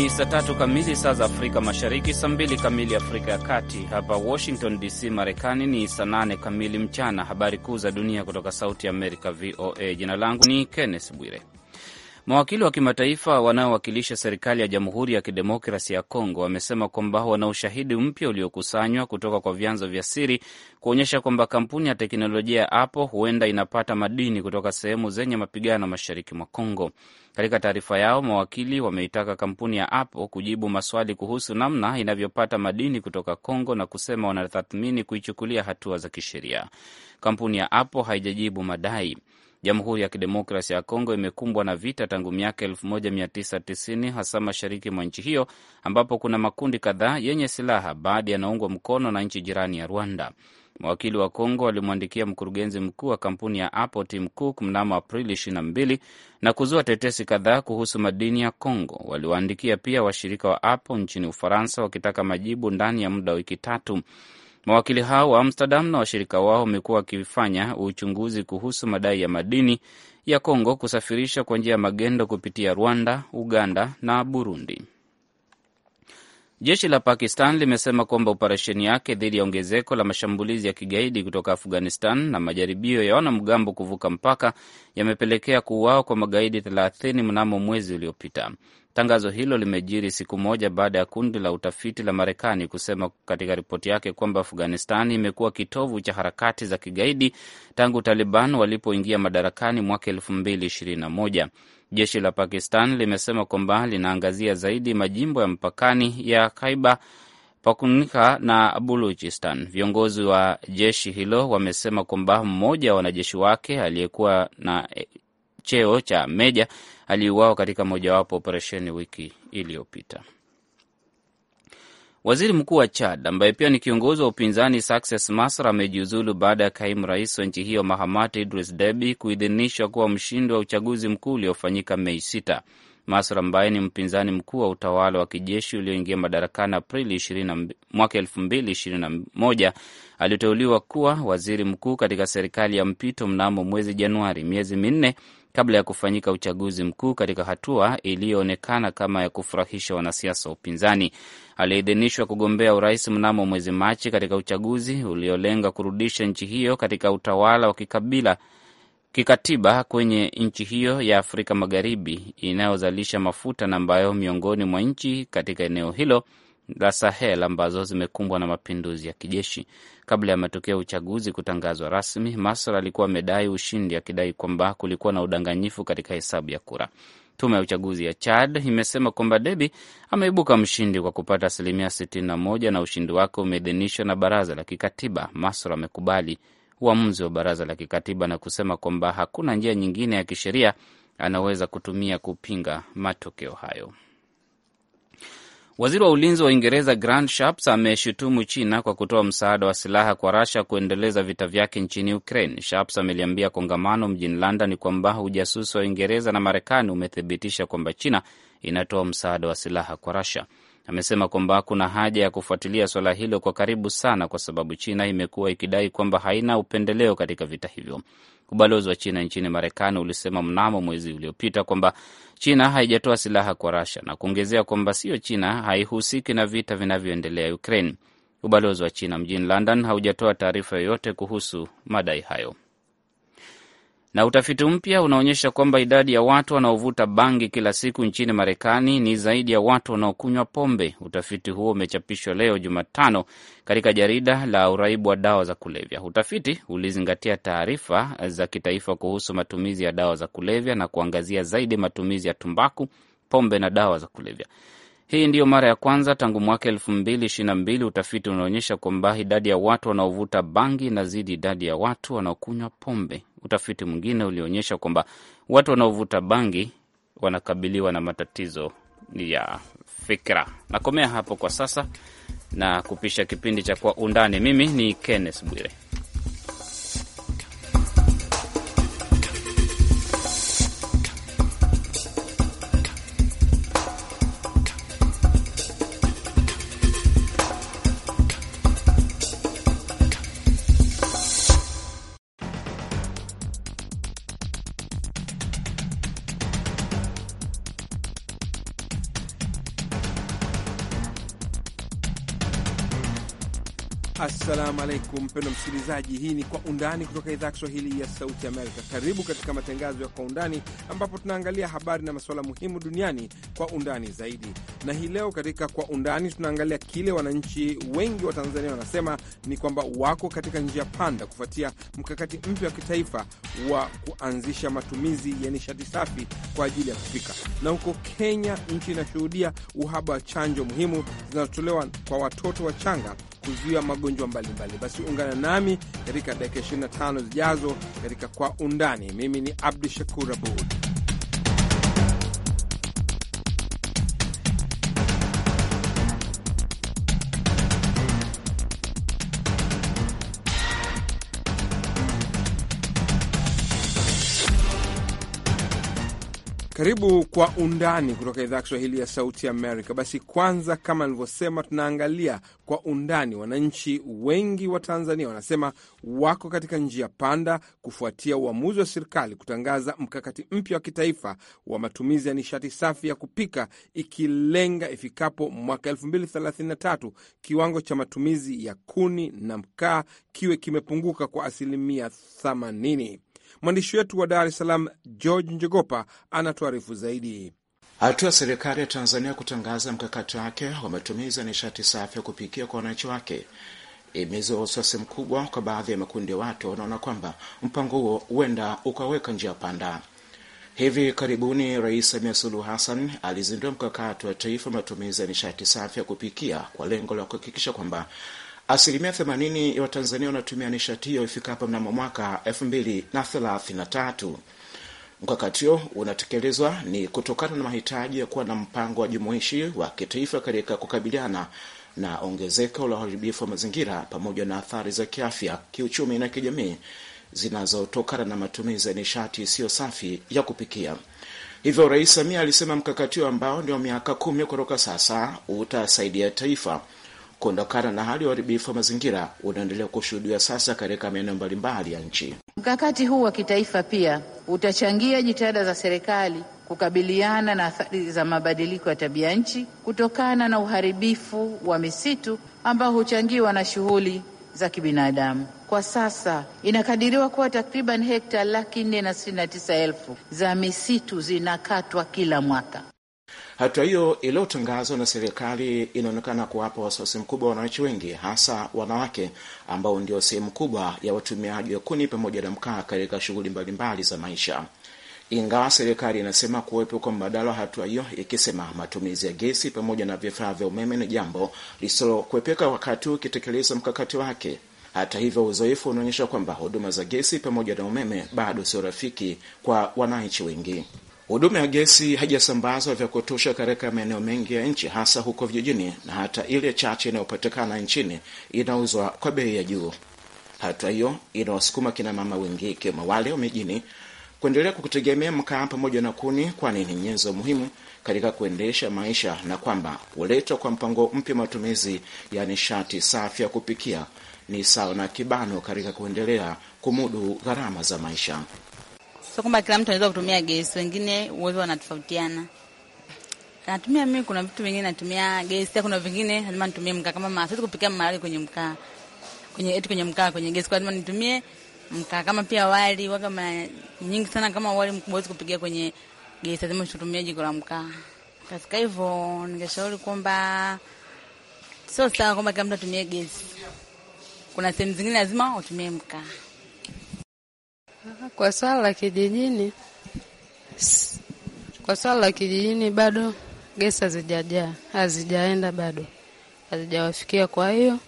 Ni saa tatu kamili saa za Afrika Mashariki, saa mbili kamili Afrika ya Kati. Hapa Washington DC, Marekani ni saa nane kamili mchana. Habari kuu za dunia kutoka Sauti Amerika, VOA. Jina langu ni Kenneth Bwire. Mawakili wa kimataifa wanaowakilisha serikali ya Jamhuri ya Kidemokrasi ya congo wamesema kwamba wana ushahidi mpya uliokusanywa kutoka kwa vyanzo vya siri kuonyesha kwamba kampuni ya teknolojia ya Apple huenda inapata madini kutoka sehemu zenye mapigano mashariki mwa Kongo. Katika taarifa yao, mawakili wameitaka kampuni ya Apple kujibu maswali kuhusu namna inavyopata madini kutoka congo na kusema wanatathmini kuichukulia hatua za kisheria. Kampuni ya Apple haijajibu madai. Jamhuri ya Kidemokrasia ya Kongo imekumbwa na vita tangu miaka 1990 hasa mashariki mwa nchi hiyo ambapo kuna makundi kadhaa yenye silaha, baadhi yanaungwa mkono na nchi jirani ya Rwanda. Mawakili wa Kongo walimwandikia mkurugenzi mkuu wa kampuni ya Apple Tim Cook mnamo Aprili 22 na kuzua tetesi kadhaa kuhusu madini ya Kongo. Waliwaandikia pia washirika wa Apple nchini Ufaransa wakitaka majibu ndani ya muda wa wiki tatu. Mawakili hao wa Amsterdam na washirika wao wamekuwa wakifanya uchunguzi kuhusu madai ya madini ya Kongo kusafirisha kwa njia ya magendo kupitia Rwanda, Uganda na Burundi. Jeshi la Pakistan limesema kwamba operesheni yake dhidi ya ongezeko la mashambulizi ya kigaidi kutoka Afghanistan na majaribio ya wanamgambo kuvuka mpaka yamepelekea kuuawa kwa magaidi 30 mnamo mwezi uliopita. Tangazo hilo limejiri siku moja baada ya kundi la utafiti la Marekani kusema katika ripoti yake kwamba Afghanistan imekuwa kitovu cha harakati za kigaidi tangu Taliban walipoingia madarakani mwaka moja. Jeshi la Pakistan limesema kwamba linaangazia zaidi majimbo ya mpakani ya Khyber Pakhtunkhwa na Baluchistan. Viongozi wa jeshi hilo wamesema kwamba mmoja wa wanajeshi wake aliyekuwa na cheo cha meja aliuawa katika mojawapo operesheni wiki iliyopita. Waziri mkuu wa Chad ambaye pia ni kiongozi wa upinzani Success Masra amejiuzulu baada ya kaimu rais wa nchi hiyo Mahamat Idris Deby kuidhinishwa kuwa mshindi wa uchaguzi mkuu uliofanyika Mei sita. Masra ambaye ni mpinzani mkuu wa utawala wa kijeshi ulioingia madarakani Aprili 20 mwaka aliteuliwa kuwa waziri mkuu katika serikali ya mpito mnamo mwezi Januari, miezi minne kabla ya kufanyika uchaguzi mkuu katika hatua iliyoonekana kama ya kufurahisha wanasiasa wa upinzani. Aliidhinishwa kugombea urais mnamo mwezi Machi katika uchaguzi uliolenga kurudisha nchi hiyo katika utawala wa kikabila kikatiba kwenye nchi hiyo ya Afrika Magharibi inayozalisha mafuta na ambayo miongoni mwa nchi katika eneo hilo la Sahel ambazo zimekumbwa na mapinduzi ya kijeshi. Kabla ya matokeo ya uchaguzi kutangazwa rasmi, Masar alikuwa amedai ushindi, akidai kwamba kulikuwa na udanganyifu katika hesabu ya kura. Tume ya uchaguzi ya Chad imesema kwamba Debi ameibuka mshindi kwa kupata asilimia 61 na ushindi wake umeidhinishwa na baraza la kikatiba. Masra amekubali uamuzi wa baraza la kikatiba na kusema kwamba hakuna njia nyingine ya kisheria anaweza kutumia kupinga matokeo hayo. Waziri wa ulinzi wa Uingereza Grant Shapps ameshutumu China kwa kutoa msaada wa silaha kwa Russia kuendeleza vita vyake nchini Ukraine. Shapps ameliambia kongamano mjini London kwamba ujasusi wa Uingereza na Marekani umethibitisha kwamba China inatoa msaada wa silaha kwa Russia amesema kwamba kuna haja ya kufuatilia suala hilo kwa karibu sana, kwa sababu China imekuwa ikidai kwamba haina upendeleo katika vita hivyo. Ubalozi wa China nchini Marekani ulisema mnamo mwezi uliopita kwamba China haijatoa silaha kwa Russia na kuongezea kwamba sio China haihusiki na vita vinavyoendelea Ukraine. Ubalozi wa China mjini London haujatoa taarifa yoyote kuhusu madai hayo na utafiti mpya unaonyesha kwamba idadi ya watu wanaovuta bangi kila siku nchini Marekani ni zaidi ya watu wanaokunywa pombe. Utafiti huo umechapishwa leo Jumatano katika jarida la uraibu wa dawa za kulevya. Utafiti ulizingatia taarifa za kitaifa kuhusu matumizi ya dawa za kulevya na kuangazia zaidi matumizi ya tumbaku, pombe na dawa za kulevya. Hii ndiyo mara ya kwanza tangu mwaka elfu mbili ishirini na mbili utafiti unaonyesha kwamba idadi ya watu wanaovuta bangi inazidi idadi ya watu wanaokunywa pombe. Utafiti mwingine ulionyesha kwamba watu wanaovuta bangi wanakabiliwa na matatizo ya fikra. Nakomea hapo kwa sasa na kupisha kipindi cha Kwa Undani. Mimi ni Kenneth Bwire. alaikum, mpendwa msikilizaji. Hii ni Kwa Undani kutoka idhaa ya Kiswahili ya Sauti Amerika. Karibu katika matangazo ya Kwa Undani, ambapo tunaangalia habari na masuala muhimu duniani kwa undani zaidi. Na hii leo katika Kwa Undani tunaangalia kile wananchi wengi wa Tanzania wanasema ni kwamba wako katika njia panda kufuatia mkakati mpya wa kitaifa wa kuanzisha matumizi ya nishati safi kwa ajili ya kupika. Na huko Kenya, nchi inashuhudia uhaba wa chanjo muhimu zinazotolewa kwa watoto wachanga kuzuia magonjwa mbalimbali. Basi ungana nami katika dakika 25 zijazo katika Kwa Undani. Mimi ni Abdu Shakur Abud. Karibu kwa undani kutoka idhaa ya Kiswahili ya Sauti Amerika. Basi kwanza, kama nilivyosema, tunaangalia kwa undani. Wananchi wengi wa Tanzania wanasema wako katika njia panda kufuatia uamuzi wa serikali kutangaza mkakati mpya wa kitaifa wa matumizi ya nishati safi ya kupika, ikilenga ifikapo mwaka 2033 kiwango cha matumizi ya kuni na mkaa kiwe kimepunguka kwa asilimia 80. Mwandishi wetu wa Dar es Salaam, George Njogopa, anatuarifu zaidi. Hatua ya serikali ya Tanzania kutangaza mkakati wake wa matumizi ya nishati safi ya kupikia kwa wananchi wake imezua wasiwasi mkubwa kwa baadhi ya makundi ya watu wanaona kwamba mpango huo huenda ukaweka njia panda. Hivi karibuni Rais Samia Suluhu Hassan alizindua mkakati wa taifa matumizi ya nishati safi ya kupikia kwa lengo la kuhakikisha kwamba Asilimia 80 ya Watanzania wanatumia nishati hiyo ifikapo mnamo mwaka 2033. Mkakati huo unatekelezwa ni kutokana na mahitaji ya kuwa na mpango wa jumuishi wa kitaifa katika kukabiliana na ongezeko la uharibifu wa mazingira pamoja na athari za kiafya, kiuchumi na kijamii zinazotokana na matumizi ya nishati isiyo safi ya kupikia. Hivyo Rais Samia alisema mkakati huo ambao ndio miaka kumi kutoka sasa utasaidia taifa kuondokana na hali ya uharibifu wa mazingira unaendelea kushuhudiwa sasa katika maeneo mbalimbali ya nchi. Mkakati huu wa kitaifa pia utachangia jitihada za serikali kukabiliana na athari za mabadiliko ya tabia nchi kutokana na uharibifu wa misitu ambao huchangiwa na shughuli za kibinadamu. Kwa sasa inakadiriwa kuwa takriban hekta laki nne na sitini na tisa elfu za misitu zinakatwa kila mwaka. Hatua hiyo iliyotangazwa na serikali inaonekana kuwapa wasiwasi mkubwa wa wananchi wengi, hasa wanawake ambao ndio sehemu kubwa ya watumiaji wa kuni pamoja na mkaa katika shughuli mbalimbali za maisha. Ingawa serikali inasema kuwepo kwa mbadala wa hatua hiyo, ikisema matumizi ya gesi pamoja na vifaa vya umeme ni jambo lisilokwepeka wakati ukitekeleza mkakati wake. Hata hivyo, uzoefu unaonyesha kwamba huduma za gesi pamoja na umeme bado sio rafiki kwa wananchi wengi. Huduma ya gesi haijasambazwa vya kutosha katika maeneo mengi ya nchi, hasa huko vijijini, na hata ile chache inayopatikana nchini inauzwa kwa bei ya juu. Hatua hiyo inawasukuma kina mama wengi, ikiwemo wale wa mijini, kuendelea kutegemea mkaa pamoja na kuni, kwani ni nyenzo muhimu katika kuendesha maisha, na kwamba kuletwa kwa mpango mpya matumizi ya nishati safi ya kupikia ni sawa na kibano katika kuendelea kumudu gharama za maisha so kwamba kila mtu anaweza kutumia gesi, wengine uwezo wanatofautiana. Natumia mimi, kuna vitu vingine natumia gesi, kuna vingine lazima nitumie mkaa, kama siwezi kupikia mahali kwenye mkaa, kwenye eti kwenye mkaa, kwenye gesi, kwa lazima nitumie mkaa. Kama pia wali waga ma nyingi sana, kama wali mkubwa huwezi kupikia kwenye gesi, lazima tutumie jiko la mkaa. Katika hivyo, ningeshauri kwamba sio sawa kwamba kila mtu atumie gesi. Kuna sehemu zingine lazima utumie mkaa. Kwa swala la kijijini, kwa swala la kijijini bado gesi hazijajaa, hazijaenda bado, hazijawafikia. Kwa hiyo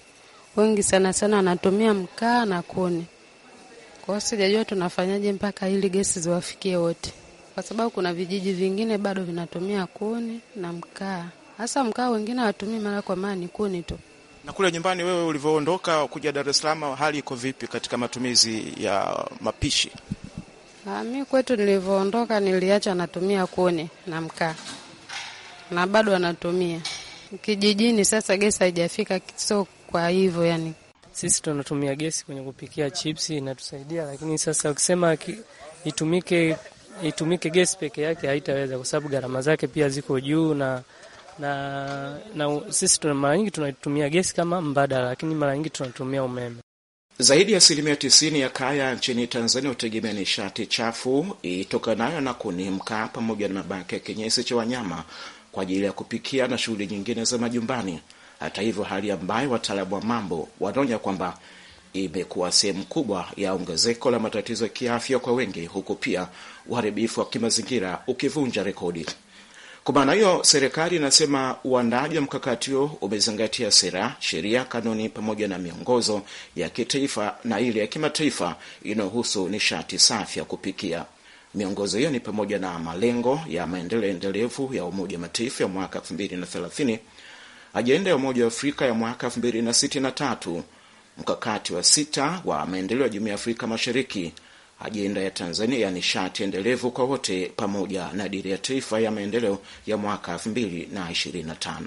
wengi sana sana wanatumia mkaa na kuni. Kwa hiyo sijajua tunafanyaje mpaka ili gesi ziwafikie wote, kwa sababu kuna vijiji vingine bado vinatumia kuni na mkaa, hasa mkaa. Wengine hawatumii mara kwa mara, ni kuni tu. Na kule nyumbani wewe ulivyoondoka kuja Dar es Salaam, hali iko vipi katika matumizi ya mapishi? Ah, mi kwetu nilivyoondoka niliacha natumia kuni na mkaa, na bado anatumia kijijini. Sasa gesi haijafika, so kwa hivyo yani sisi tunatumia gesi kwenye kupikia chipsi, inatusaidia lakini sasa ukisema itumike itumike gesi peke yake haitaweza, kwa sababu gharama zake pia ziko juu na na, na sisi mara nyingi tunatumia gesi kama mbadala, lakini mara nyingi tunatumia umeme. Zaidi ya asilimia tisini ya kaya nchini Tanzania hutegemea nishati chafu itokanayo na kuni, mkaa pamoja na mabaki ya kinyesi cha wanyama kwa ajili ya kupikia na shughuli nyingine za majumbani. Hata hivyo, hali ambayo wataalamu wa mambo wanaonya kwamba imekuwa sehemu kubwa ya ongezeko la matatizo ya kiafya kwa wengi, huku pia uharibifu wa kimazingira ukivunja rekodi. Kwa maana hiyo, serikali inasema uandaaji wa mkakati huo umezingatia sera, sheria, kanuni pamoja na miongozo ya kitaifa na ile ya kimataifa inayohusu nishati safi ya kupikia. Miongozo hiyo ni pamoja na malengo ya maendeleo endelevu ya Umoja wa Mataifa ya mwaka 2030, ajenda ya Umoja wa Afrika ya mwaka 2063, mkakati wa sita wa maendeleo ya Jumuiya ya Afrika Mashariki ajenda ya Tanzania ya nishati endelevu kwa wote pamoja na dira ya taifa ya maendeleo ya mwaka 2025.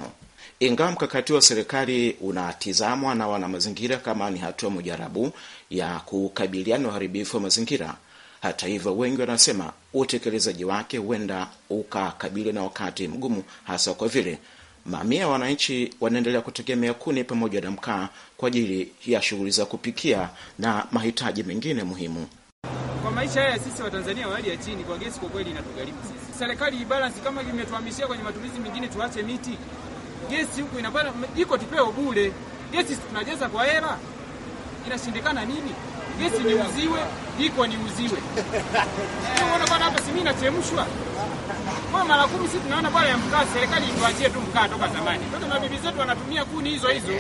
Ingawa mkakati wa serikali unatizamwa na wanamazingira kama ni hatua mujarabu ya kukabiliana uharibifu wa mazingira, hata hivyo, wengi wanasema utekelezaji wake huenda ukakabili na wakati mgumu, hasa kwa vile mamia ya wananchi wanaendelea kutegemea kuni pamoja na mkaa kwa ajili ya shughuli za kupikia na mahitaji mengine muhimu kwa maisha haya sisi Watanzania wa hali ya chini, kwa gesi kwa kweli inatugharimu sisi. Serikali ibalansi, kama imetuhamishia kwenye matumizi mengine, tuache miti. Gesi huku inapana iko tupeo bure, gesi tunajeza kwa hela, inashindikana nini? Gesi ni uziwe, iko ni uziwe Unaona bwana, hapa, si mimi nachemshwa kwa mara kumi. si tunaona pale ya mkaa, serikali ituachie tu mkaa toka zamani. Sasa mabibi zetu wanatumia kuni hizo hizo,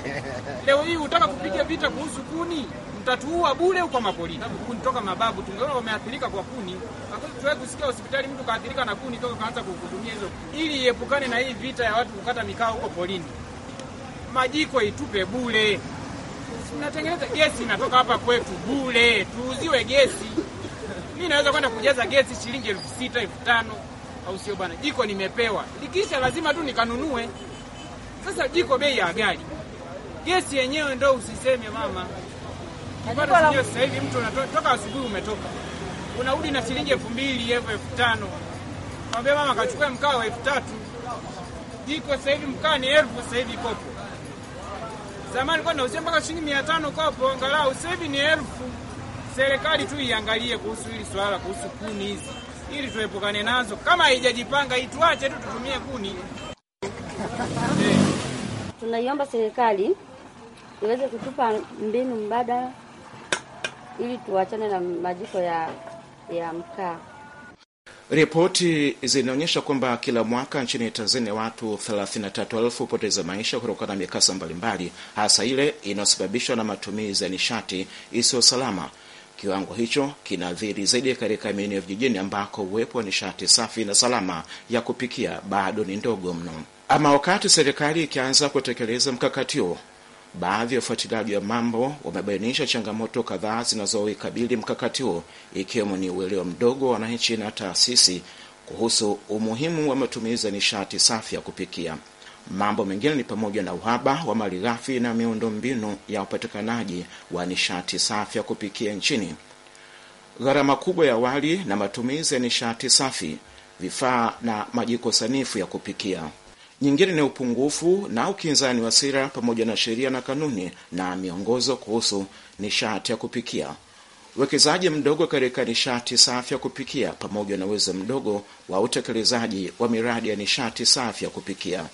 leo hii utaka kupiga vita kuhusu kuni tutatuua bure huko mapolini. Kuni toka mababu tungeona wameathirika kwa kuni, tuwe kusikia hospitali mtu kaathirika na kuni toka kaanza kuhudumia hizo, ili iepukane na hii vita ya watu kukata mikaa huko polini. Majiko itupe bure, natengeneza gesi inatoka hapa kwetu bure, tuuziwe gesi. Mi naweza kwenda kujaza gesi shilingi elfu sita elfu tano au sio bwana? Jiko nimepewa likisha, lazima tu nikanunue. Sasa jiko bei ya gari, gesi yenyewe ndo usiseme mama. Sasa hivi mtu unatoka asubuhi, umetoka unarudi na shilingi elfu mbili elfu elfu tano Mwambie mama akachukua mkaa wa elfu tatu Iko sasa hivi mkaa ni elfu sasa hivi kopo. Zamani kwa nausia mpaka shilingi mia tano kopo angalau, sasa hivi ni elfu. Serikali tu iangalie kuhusu hili swala, kuhusu kuni hizi, ili tuepukane nazo. Kama haijajipanga ituache tu tutumie kuni. Tunaiomba serikali iweze kutupa mbinu mbadala ili tuachane na majiko ya, ya mkaa. Ripoti zinaonyesha kwamba kila mwaka nchini Tanzania watu 33,000 hupoteza maisha kutokana na mikasa mbalimbali, hasa ile inayosababishwa na matumizi ya nishati isiyo salama. Kiwango hicho kinadhiri zaidi katika maeneo ya vijijini ambako uwepo wa nishati safi na salama ya kupikia bado ni ndogo mno. Ama wakati serikali ikianza kutekeleza mkakati huo Baadhi ya wafuatiliaji wa mambo wamebainisha changamoto kadhaa zinazoikabili mkakati huo ikiwemo ni uelewa mdogo wa wananchi na taasisi kuhusu umuhimu wa matumizi ya nishati safi ya kupikia. Mambo mengine ni pamoja na uhaba wa mali ghafi na miundo mbinu ya upatikanaji wa nishati safi ya kupikia nchini, gharama kubwa ya wali na matumizi ya nishati safi, vifaa na majiko sanifu ya kupikia nyingine ni upungufu na ukinzani wa sera pamoja na sheria na kanuni na miongozo kuhusu nishati ya kupikia, uwekezaji mdogo katika nishati safi ya kupikia, pamoja na uwezo mdogo wa utekelezaji wa miradi ya nishati safi ya kupikia.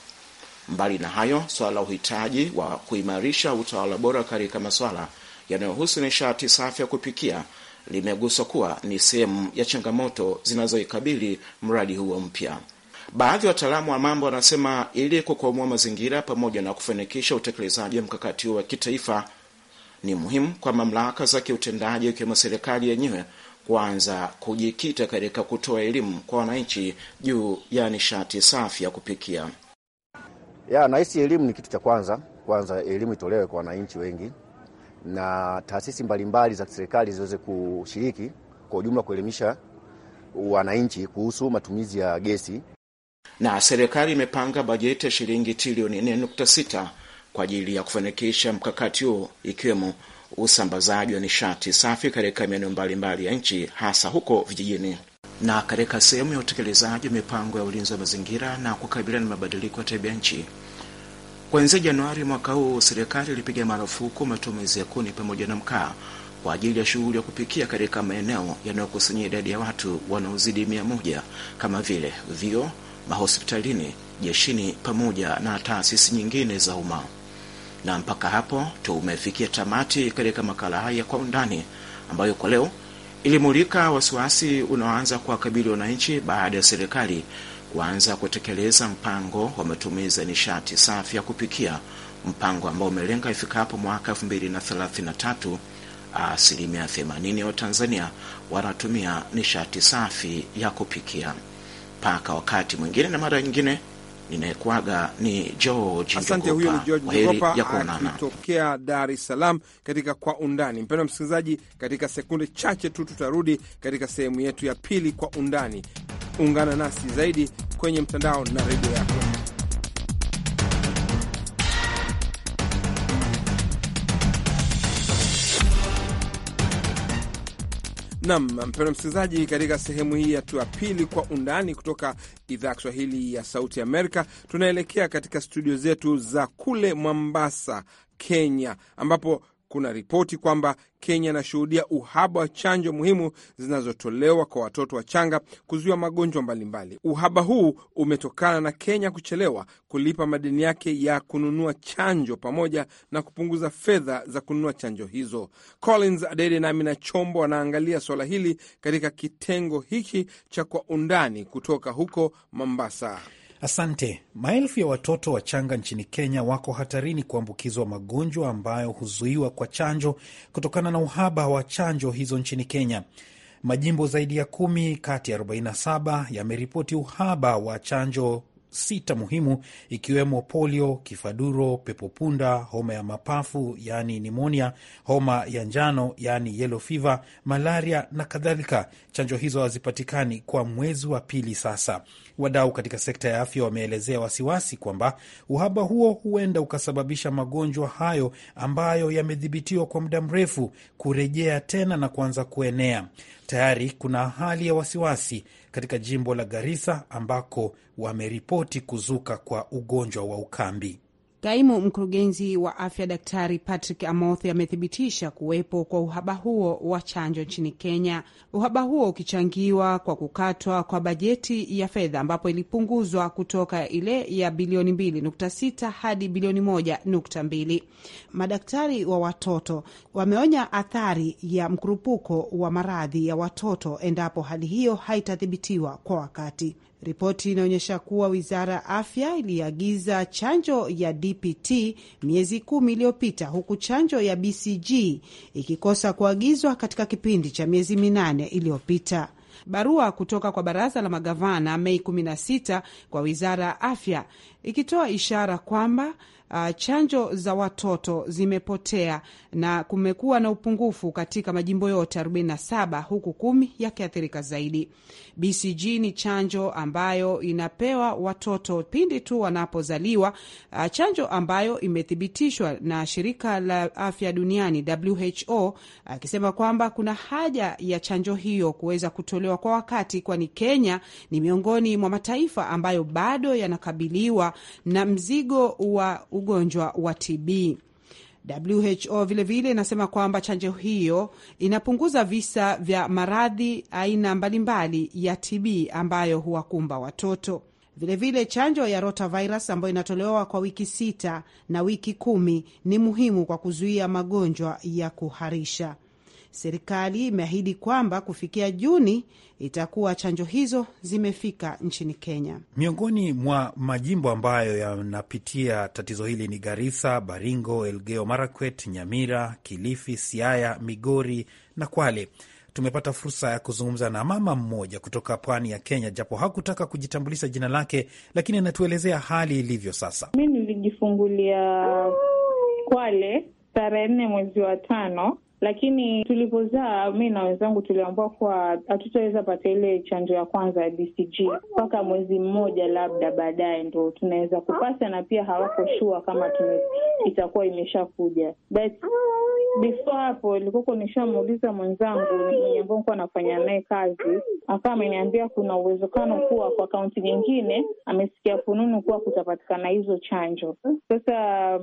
Mbali na hayo, swala la uhitaji wa kuimarisha utawala bora katika masuala yanayohusu nishati safi ya kupikia limeguswa kuwa ni sehemu ya changamoto zinazoikabili mradi huo mpya. Baadhi ya wataalamu wa mambo wanasema ili kukwamua mazingira pamoja na kufanikisha utekelezaji wa mkakati huo wa kitaifa, ni muhimu kwa mamlaka za kiutendaji ikiwemo serikali yenyewe kuanza kujikita katika kutoa elimu kwa wananchi juu ya nishati safi ya kupikia. nahisi elimu ni kitu cha kwanza. Kwanza elimu itolewe kwa wananchi wengi na taasisi mbalimbali za serikali ziweze kushiriki kwa ujumla kuelimisha wananchi kuhusu matumizi ya gesi. Na serikali imepanga bajeti ya shilingi trilioni 4.6 kwa ajili ya kufanikisha mkakati huo ikiwemo usambazaji wa nishati safi katika maeneo mbalimbali ya nchi hasa huko vijijini. Na katika sehemu ya utekelezaji wa mipango ya ulinzi wa mazingira na kukabiliana na mabadiliko ya tabia nchi, kuanzia Januari mwaka huu serikali ilipiga marufuku matumizi ya kuni pamoja na mkaa kwa ajili ya shughuli ya kupikia katika maeneo yanayokusanyia idadi ya watu wanaozidi mia moja kama vile vio mahospitalini, jeshini pamoja na taasisi nyingine za umma. Na mpaka hapo tumefikia tamati katika makala haya kwa undani, ambayo kwa leo ilimulika wasiwasi unaoanza kuwakabili wananchi baada ya serikali kuanza kutekeleza mpango wa matumizi ya nishati safi ya kupikia, mpango ambao umelenga ifikapo mwaka 2033 asilimia 80 ya Watanzania wanatumia nishati safi ya kupikia mpaka wakati mwingine na mara nyingine. Ninayekwaga ni George. Asante, huyo ni George Njogopa akitokea Dar es Salaam katika Kwa Undani. Mpendwa msikilizaji, katika sekunde chache tu tutarudi katika sehemu yetu ya pili Kwa Undani. Ungana nasi zaidi kwenye mtandao na redio yako. Nam mpendo msikilizaji, katika sehemu hii ya ya pili kwa undani kutoka idhaa ya Kiswahili ya Sauti Amerika, tunaelekea katika studio zetu za kule Mombasa, Kenya, ambapo kuna ripoti kwamba Kenya inashuhudia uhaba wa chanjo muhimu zinazotolewa kwa watoto wachanga kuzuia magonjwa mbalimbali. Uhaba huu umetokana na Kenya kuchelewa kulipa madeni yake ya kununua chanjo pamoja na kupunguza fedha za kununua chanjo hizo. Collins Adede na Amina Chombo wanaangalia swala hili katika kitengo hiki cha Kwa Undani kutoka huko Mombasa. Asante. Maelfu ya watoto wachanga nchini Kenya wako hatarini kuambukizwa magonjwa ambayo huzuiwa kwa chanjo kutokana na uhaba wa chanjo hizo nchini Kenya. Majimbo zaidi ya kumi kati ya 47 yameripoti uhaba wa chanjo sita muhimu ikiwemo polio, kifaduro, pepopunda, homa ya mapafu yaani nimonia, homa ya njano yaani yelo fiva malaria na kadhalika. Chanjo hizo hazipatikani kwa mwezi wa pili sasa. Wadau katika sekta ya afya wameelezea wasiwasi kwamba uhaba huo huenda ukasababisha magonjwa hayo ambayo yamedhibitiwa kwa muda mrefu kurejea tena na kuanza kuenea. Tayari kuna hali ya wasiwasi katika jimbo la Garissa ambako wameripoti kuzuka kwa ugonjwa wa ukambi. Kaimu mkurugenzi wa afya Daktari Patrick Amoth amethibitisha kuwepo kwa uhaba huo wa chanjo nchini Kenya, uhaba huo ukichangiwa kwa kukatwa kwa bajeti ya fedha ambapo ilipunguzwa kutoka ile ya bilioni 2.6 hadi bilioni 1.2. Madaktari wa watoto wameonya athari ya mkurupuko wa maradhi ya watoto endapo hali hiyo haitathibitiwa kwa wakati. Ripoti inaonyesha kuwa wizara ya afya iliagiza chanjo ya DPT miezi kumi iliyopita huku chanjo ya BCG ikikosa kuagizwa katika kipindi cha miezi minane iliyopita. Barua kutoka kwa baraza la magavana Mei 16 kwa wizara ya afya ikitoa ishara kwamba uh, chanjo za watoto zimepotea na kumekuwa na upungufu katika majimbo yote 47 huku kumi yakiathirika zaidi. BCG ni chanjo ambayo inapewa watoto pindi tu wanapozaliwa, uh, chanjo ambayo imethibitishwa na shirika la afya duniani WHO, akisema kwamba kuna haja ya chanjo hiyo kuweza kutolewa kwa wakati, kwani Kenya ni miongoni mwa mataifa ambayo bado yanakabiliwa na mzigo wa ugonjwa wa TB. WHO vilevile inasema vile kwamba chanjo hiyo inapunguza visa vya maradhi aina mbalimbali ya TB ambayo huwakumba watoto. Vilevile vile chanjo ya rotavirus ambayo inatolewa kwa wiki sita na wiki kumi ni muhimu kwa kuzuia magonjwa ya kuharisha. Serikali imeahidi kwamba kufikia Juni itakuwa chanjo hizo zimefika nchini Kenya. Miongoni mwa majimbo ambayo yanapitia tatizo hili ni Garissa, Baringo, Elgeyo Marakwet, Nyamira, Kilifi, Siaya, Migori na Kwale. Tumepata fursa ya kuzungumza na mama mmoja kutoka pwani ya Kenya, japo hakutaka kujitambulisha jina lake, lakini anatuelezea hali ilivyo sasa. Mi nilijifungulia Kwale tarehe nne mwezi wa tano lakini tulipozaa mi na wenzangu tuliambua kuwa hatutaweza pata ile chanjo ya kwanza ya BCG mpaka mwezi mmoja labda baadaye ndo tunaweza kupata, na pia hawako shua kama itakuwa imeshakuja but before hapo ilikuwako nishamuuliza mwenzangu mwenye ambao nikuwa anafanya naye kazi, akawa ameniambia kuna uwezekano kuwa kwa kaunti nyingine amesikia fununu kuwa kutapatikana hizo chanjo. Sasa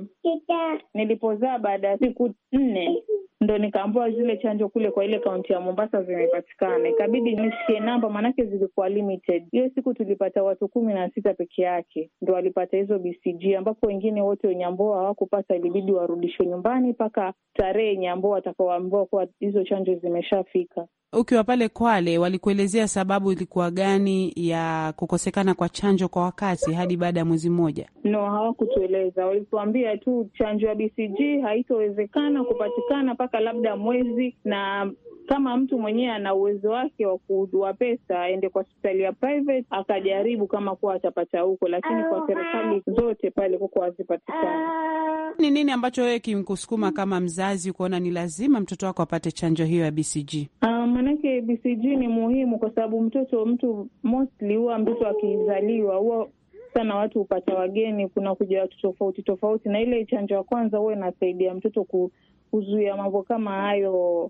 nilipozaa baada ya siku nne ndo nikaambua zile chanjo kule kwa ile kaunti ya Mombasa zimepatikana, ikabidi nisikie namba, maanake zilikuwa limited. Hiyo siku tulipata watu kumi na sita peke yake ndo walipata hizo BCG, ambapo wengine wote wenye ambao hawakupata ilibidi warudishwe nyumbani mpaka tarehe yenye ambao watakaoambiwa kuwa hizo chanjo zimeshafika ukiwa pale Kwale walikuelezea sababu ilikuwa gani ya kukosekana kwa chanjo kwa wakati hadi baada ya mwezi mmoja? No, hawakutueleza. Walituambia tu chanjo ya BCG haitowezekana kupatikana mpaka labda mwezi, na kama mtu mwenyewe ana uwezo wake wa kuudua pesa aende kwa hospitali ya private akajaribu kama kuwa atapata huko, lakini kwa serikali zote pale kuko hazipatikana. Ni nini ambacho wewe kimkusukuma kama mzazi kuona ni lazima mtoto wako apate chanjo hiyo ya BCG? um, maanake BCG ni muhimu kwa sababu mtoto mtu mostly huwa mtoto akizaliwa huwa sana watu hupata wageni, kuna kuja watu tofauti tofauti, na ile chanjo ya kwanza huwa inasaidia mtoto kuzuia mambo kama hayo,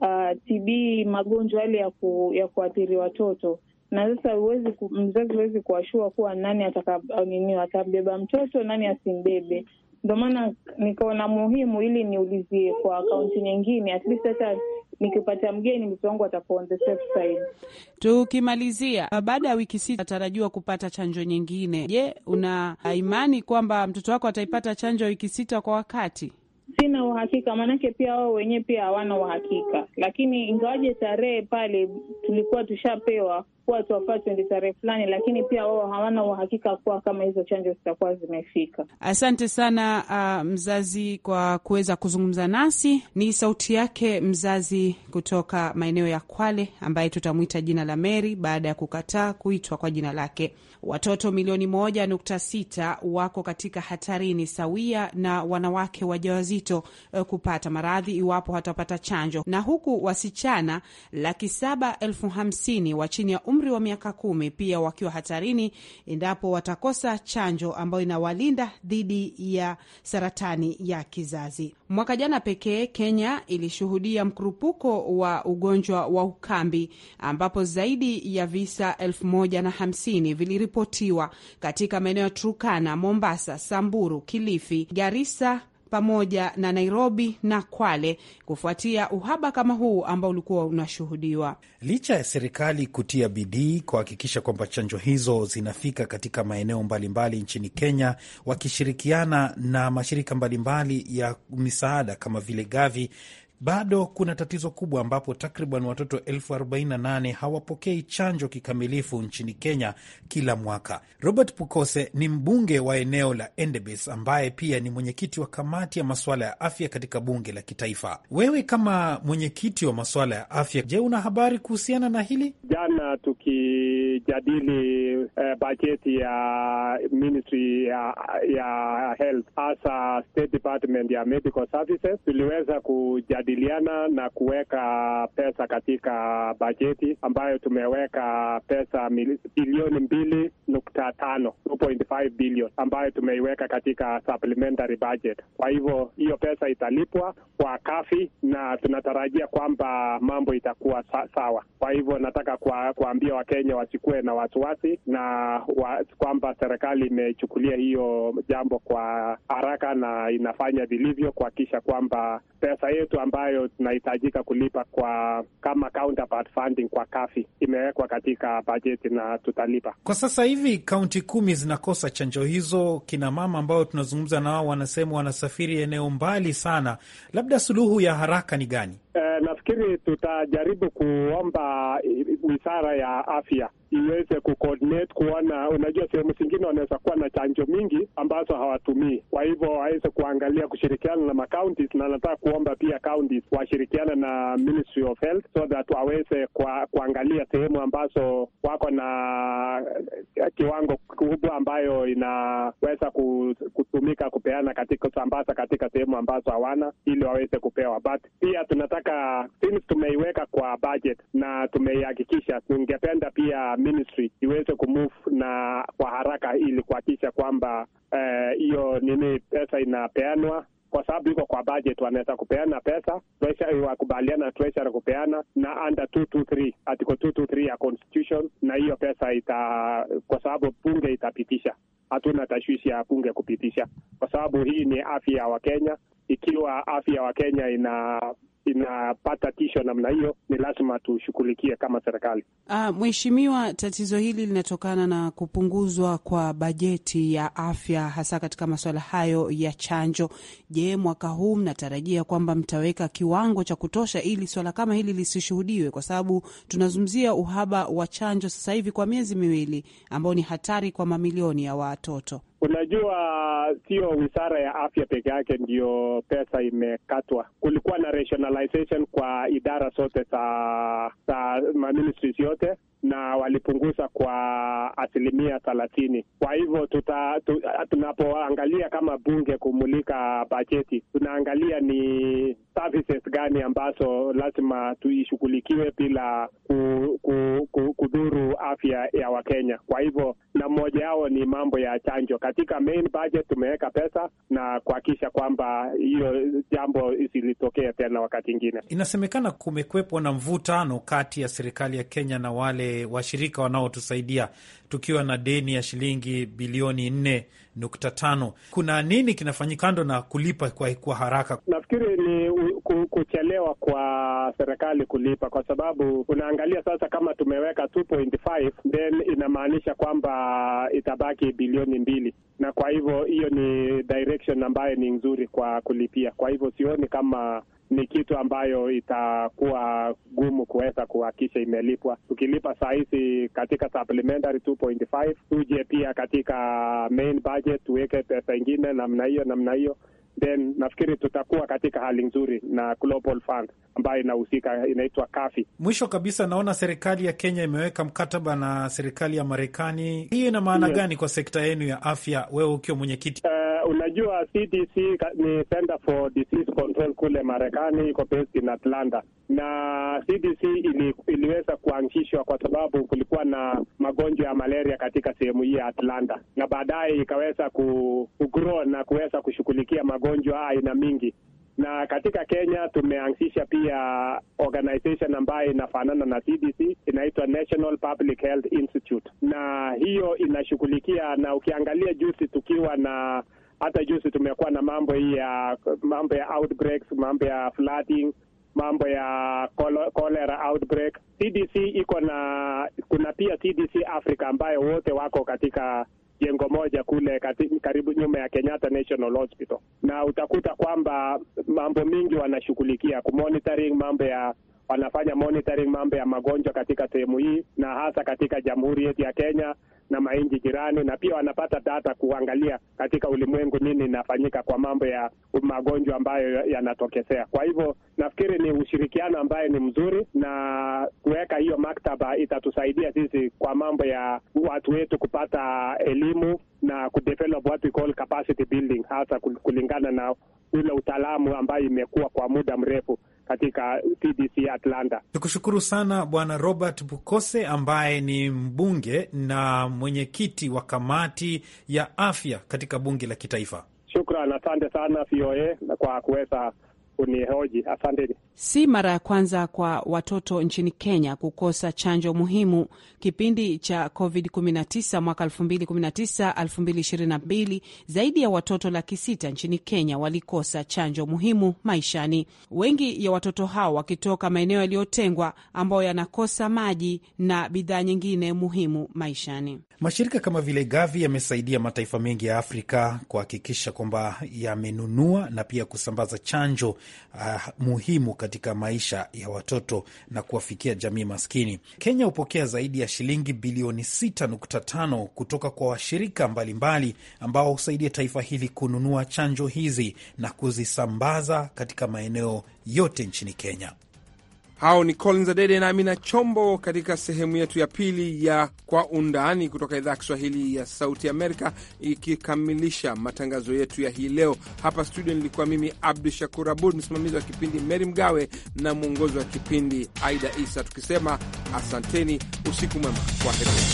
uh, TB, magonjwa yale ya, ku, ya kuathiri watoto. Na sasa huwezi mzazi huwezi kuashua kuwa nani nini atabeba mtoto nani asimbebe. Ndio maana nikaona muhimu ili niulizie kwa akaunti nyingine, at least hata nikipata mgeni mtoto wangu atakuwa on the safe side. Tukimalizia, baada ya wiki sita atarajiwa kupata chanjo nyingine. Je, una imani kwamba mtoto wako ataipata chanjo ya wiki sita kwa wakati? Sina uhakika, maanake pia wao wenyewe pia hawana uhakika, lakini ingawaje tarehe pale tulikuwa tushapewa watu wapatwe ndi tarehe fulani, lakini pia wao hawana uhakika kuwa kama hizo chanjo zitakuwa zimefika. Asante sana uh, mzazi kwa kuweza kuzungumza nasi. Ni sauti yake mzazi kutoka maeneo ya Kwale ambaye tutamwita jina la Mary baada ya kukataa kuitwa kwa jina lake. Watoto milioni moja nukta sita wako katika hatarini sawia na wanawake wajawazito uh, kupata maradhi iwapo watapata chanjo, na huku wasichana laki saba elfu hamsini wa chini ya um umri wa miaka kumi pia wakiwa hatarini endapo watakosa chanjo ambayo inawalinda dhidi ya saratani ya kizazi. Mwaka jana pekee Kenya ilishuhudia mkurupuko wa ugonjwa wa ukambi ambapo zaidi ya visa elfu moja na hamsini viliripotiwa katika maeneo ya Turukana, Mombasa, Samburu, Kilifi, Garissa pamoja na Nairobi na Kwale kufuatia uhaba kama huu ambao ulikuwa unashuhudiwa. Licha ya serikali kutia bidii kuhakikisha kwamba chanjo hizo zinafika katika maeneo mbalimbali nchini Kenya, wakishirikiana na mashirika mbalimbali ya misaada kama vile Gavi, bado kuna tatizo kubwa ambapo takriban watoto elfu 48 hawapokei chanjo kikamilifu nchini Kenya kila mwaka. Robert Pukose ni mbunge wa eneo la Endebis ambaye pia ni mwenyekiti wa kamati ya masuala ya afya katika bunge la kitaifa. Wewe kama mwenyekiti wa masuala ya afya, je, una habari kuhusiana na hili? Jana tukijadili eh, bajeti ya ministry ya, ya health hasa State Department ya medical services tuliweza kujadili kujadiliana na kuweka pesa katika bajeti ambayo tumeweka pesa bilioni mbili nukta tano bilioni ambayo tumeiweka katika supplementary budget. Kwa hivyo hiyo pesa italipwa kwa kafi na tunatarajia kwamba mambo itakuwa sa sawa. Kwa hivyo nataka kuambia Wakenya wasikuwe na wasiwasi na wa, kwamba serikali imechukulia hiyo jambo kwa haraka na inafanya vilivyo kuhakikisha kwamba pesa yetu amba ambayo tunahitajika kulipa kwa kama counterpart funding kwa kafi imewekwa katika bajeti na tutalipa. Kwa sasa hivi kaunti kumi zinakosa chanjo hizo. Kina mama ambao tunazungumza nao wanasema wanasafiri eneo mbali sana, labda suluhu ya haraka ni gani? eh, nafikiri tutajaribu kuomba eh, wizara ya afya iweze kucoordinate kuona, unajua sehemu zingine wanaweza kuwa na chanjo mingi ambazo hawatumii, kwa hivyo waweze kuangalia kushirikiana na macounties, na nataka kuomba pia kaunti washirikiana na Ministry of Health so that waweze kwa, kuangalia sehemu ambazo wako na eh, kiwango kubwa ambayo inaweza kutumika kupeana katika kusambaza katika sehemu ambazo hawana, ili waweze kupewa, but pia tunataka tumeiweka tumeiweka kwa budget na tumeihakikisha. Tungependa pia ministry iweze kumove na kwa haraka, ili kuhakikisha kwamba eh, hiyo eh, nini pesa inapeanwa kwa sababu iko kwa budget, wanaweza kupeana pesa treasury, wakubaliana treasury kupeana na under 223 article 223 ya constitution, na hiyo pesa ita, kwa sababu bunge itapitisha. Hatuna tashwishi ya bunge kupitisha, kwa sababu hii ni afya ya Wakenya. Ikiwa afya ya Wakenya ina inapata tisho namna hiyo, ni lazima tushughulikie kama serikali. Ah, mheshimiwa, tatizo hili linatokana na kupunguzwa kwa bajeti ya afya, hasa katika masuala hayo ya chanjo. Je, mwaka huu mnatarajia kwamba mtaweka kiwango cha kutosha ili swala kama hili lisishuhudiwe? Kwa sababu tunazungumzia uhaba wa chanjo sasa hivi kwa miezi miwili, ambao ni hatari kwa mamilioni ya watoto. Unajua, sio wizara ya afya peke yake ndiyo pesa imekatwa. Kulikuwa na rationalization kwa idara zote za za yote na walipunguza kwa asilimia thelathini. Kwa hivyo tuta, tu, tunapoangalia kama bunge kumulika bajeti, tunaangalia ni services gani ambazo lazima tuishughulikiwe bila ku, ku, ku, kudhuru afya ya Wakenya. Kwa hivyo na mmoja yao ni mambo ya chanjo. Katika main budget tumeweka pesa na kuhakikisha kwamba hiyo jambo isilitokee tena wakati ingine. Inasemekana kumekwepwa na mvutano kati ya serikali ya Kenya na wale washirika wanaotusaidia tukiwa na deni ya shilingi bilioni nne nukta tano. Kuna nini kinafanyika kando na kulipa kwa, kwa haraka? Nafikiri ni kuchelewa kwa serikali kulipa, kwa sababu unaangalia sasa, kama tumeweka 2.5 then inamaanisha kwamba itabaki bilioni mbili, na kwa hivyo hiyo ni direction ambayo ni nzuri kwa kulipia. Kwa hivyo sioni kama ni kitu ambayo itakuwa gumu kuweza kuhakisha imelipwa. Tukilipa saa hizi katika supplementary 2.5, tuje pia katika main budget tuweke pesa ingine namna hiyo namna hiyo, then nafikiri tutakuwa katika hali nzuri na Global Fund ambayo inahusika inaitwa Kafi. Mwisho kabisa, naona serikali ya Kenya imeweka mkataba na serikali ya Marekani. Hiyo ina maana yes, gani kwa sekta yenu ya afya, wewe ukiwa mwenyekiti? uh, unajua CDC ni Center for Disease Control kule Marekani, iko based in Atlanta na CDC ili, iliweza kuanzishwa kwa sababu kulikuwa na magonjwa ya malaria katika sehemu hii ya Atlanta, na baadaye ikaweza kugrow na kuweza kushughulikia magonjwa aina mingi na katika Kenya tumeanzisha pia organization ambayo inafanana na CDC inaitwa National Public Health Institute, na hiyo inashughulikia. Na ukiangalia juzi tukiwa na hata juzi tumekuwa na mambo hii ya mambo ya outbreaks, mambo ya flooding, mambo ya cholera outbreak. CDC iko na kuna pia CDC Africa ambayo wote wako katika jengo moja kule kati, karibu nyuma ya Kenyatta National Hospital, na utakuta kwamba mambo mingi wanashughulikia kumonitoring mambo ya wanafanya monitoring mambo ya magonjwa katika sehemu hii na hasa katika Jamhuri yetu ya Kenya na mainji jirani, na pia wanapata data kuangalia katika ulimwengu nini inafanyika kwa mambo ya magonjwa ambayo yanatokezea. Kwa hivyo nafikiri ni ushirikiano ambaye ni mzuri, na kuweka hiyo maktaba itatusaidia sisi kwa mambo ya watu wetu kupata elimu na kudevelop what we call capacity building, hasa kulingana na ule utaalamu ambayo imekuwa kwa muda mrefu katika TDC Atlanta. Tukushukuru sana Bwana Robert Bukose ambaye ni mbunge na mwenyekiti wa kamati ya afya katika bunge la kitaifa. Shukran, asante sana VOA kwa kuweza kunihoji. Asanteni. Si mara ya kwanza kwa watoto nchini Kenya kukosa chanjo muhimu. Kipindi cha COVID-19 mwaka 2019 2022, zaidi ya watoto laki sita nchini Kenya walikosa chanjo muhimu maishani, wengi ya watoto hao wakitoka maeneo yaliyotengwa ambayo yanakosa maji na bidhaa nyingine muhimu maishani. Mashirika kama vile Gavi yamesaidia mataifa mengi ya Afrika kuhakikisha kwamba yamenunua na pia kusambaza chanjo uh, muhimu katika maisha ya watoto na kuwafikia jamii maskini. Kenya hupokea zaidi ya shilingi bilioni 6.5 kutoka kwa washirika mbalimbali ambao husaidia taifa hili kununua chanjo hizi na kuzisambaza katika maeneo yote nchini Kenya. Hao ni Collins Adede na Amina Chombo katika sehemu yetu ya pili ya Kwa Undani kutoka idhaa ya Kiswahili ya Sauti Amerika, ikikamilisha matangazo yetu ya hii leo. Hapa studio nilikuwa mimi Abdu Shakur Abud, msimamizi wa kipindi Meri Mgawe na mwongozi wa kipindi Aida Isa, tukisema asanteni, usiku mwema, kwa heri.